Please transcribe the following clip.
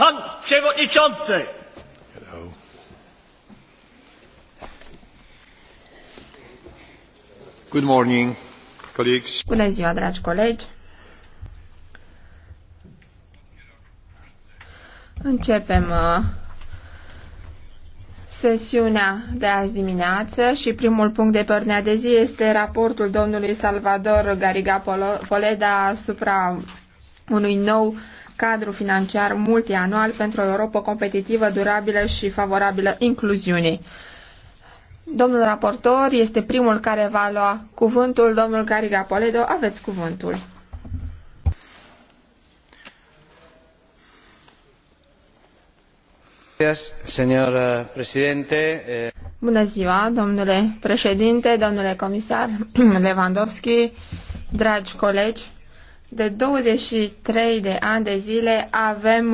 Pan Przewodniczący! Hello. Good morning, colleagues. Bună ziua, dragi colegi! Începem uh, sesiunea de azi dimineață și primul punct de părnea de zi este raportul domnului Salvador Gariga Poleda asupra unui nou cadru financiar multianual pentru o Europa competitivă, durabilă și favorabilă incluziunii. Domnul raportor este primul care va lua cuvântul. Domnul Gariga Poledo, aveți cuvântul. Bună ziua, domnule președinte, domnule comisar Lewandowski, dragi colegi. De 23 de ani de zile avem